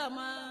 干嘛？